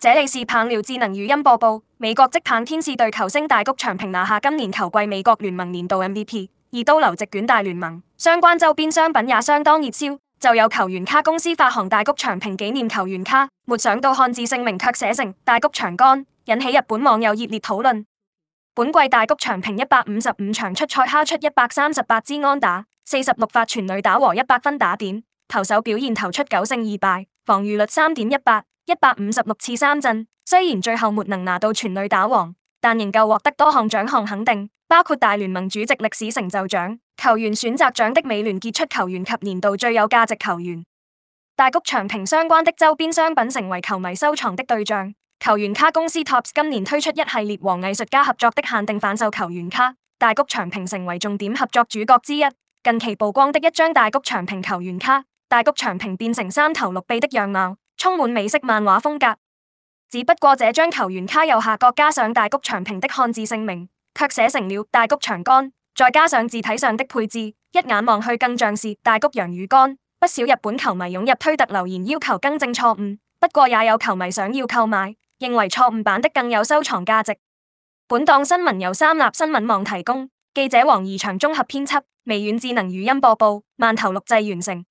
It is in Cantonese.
這裡是棒料智能語音播報。美國職棒天使隊球星大谷翔平拿下今年球季美國聯盟年度 MVP，二刀流席捲大聯盟，相關周邊商品也相當熱銷，就有球員卡公司發行大谷翔平紀念球員卡，沒想到漢字姓名卻寫成大谷翔干，引起日本網友熱烈討論。本季大谷翔平一百五十五場出賽，敲出一百三十八支安打、四十六發全壘打和一百分打點，投手表現投出九勝二敗，防禦率三點一八。一百五十六次三振，雖然最後沒能拿到全壘打王，但仍舊獲得多項獎項肯定，包括大聯盟主席歷史成就獎、球員選擇獎的美聯傑出球員及年度最有價值球員。大谷翔平相關的周邊商品成為球迷收藏的對象。球員卡公司 Topps 今年推出一系列和藝術家合作的限定販售球員卡，大谷翔平成為重點合作主角之一。近期曝光的一張大谷翔平球員卡，大谷翔平變成三頭六臂的樣貌。充滿美式漫畫風格，只不過這張球員卡右下角加上大谷翔平的漢字姓名，卻寫成了大谷翔干，再加上字體上的配置，一眼望去更像是大谷羊羽干。不少日本球迷湧入推特留言要求更正錯誤，不過也有球迷想要購買，認為錯誤版的更有收藏價值。本檔新聞由三立新聞網提供，記者王儀翔綜合編輯，微軟智能語音播報，饅頭錄製完成。